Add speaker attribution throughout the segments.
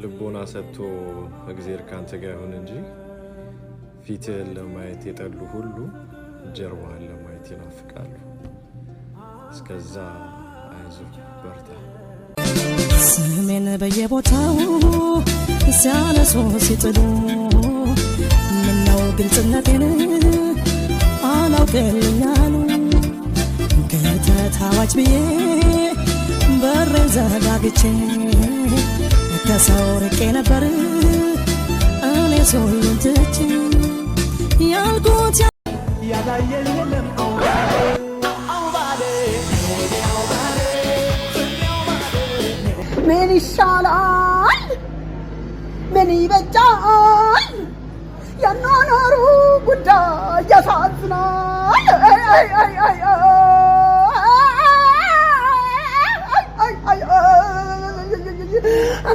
Speaker 1: ልቦና ሰጥቶ እግዜር ከአንተ ጋር ይሁን እንጂ ፊትህን ለማየት የጠሉ ሁሉ ጀርባህን ለማየት ይናፍቃሉ። እስከዛ አይዞህ በርታ።
Speaker 2: ስሜን በየቦታው ሲያነሱ ሲጥሉ ምነው ግልጽነቴን አላውቅልኛሉ ገተት ታዋጭ ብዬ በሬን ዘጋግቼ ከሰው ርቄ ነበር እኔ ሰውን ትቼ ያልኩት ያላየኝ የለም ምን ይሻላል? ምን ይበጃል? የኗኗሩ ጉዳይ ያሳዝናል።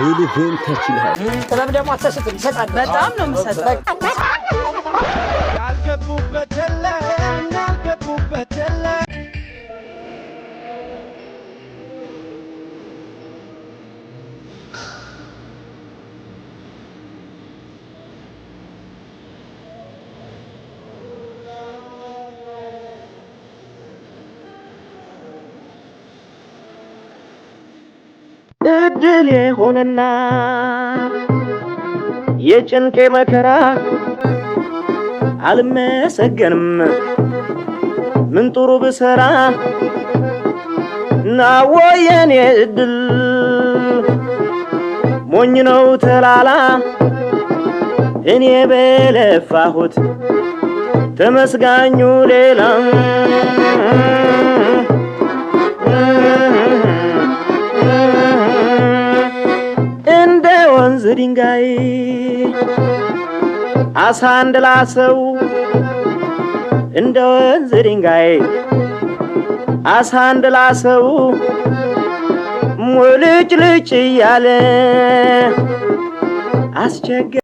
Speaker 3: ሩሉህን ተችልሃል።
Speaker 4: ጥበብ ደግሞ አተስጥም ይሰጣል።
Speaker 5: በጣም ነው የምሰጥ ያልገቡ
Speaker 6: ድል የሆነና የጭንቄ መከራ አልመሰገንም ምን ጥሩ ብሰራ ና የኔ እድል ሞኝ ነው ተላላ እኔ በለፋሁት ተመስጋኙ ሌላም ወንዝ ድንጋይ አሳ እንድላሰው ላሰው እንደ ወንዝ ድንጋይ አሳ እንድላሰው ሙልጭ ልጭ እያለ አስቸገ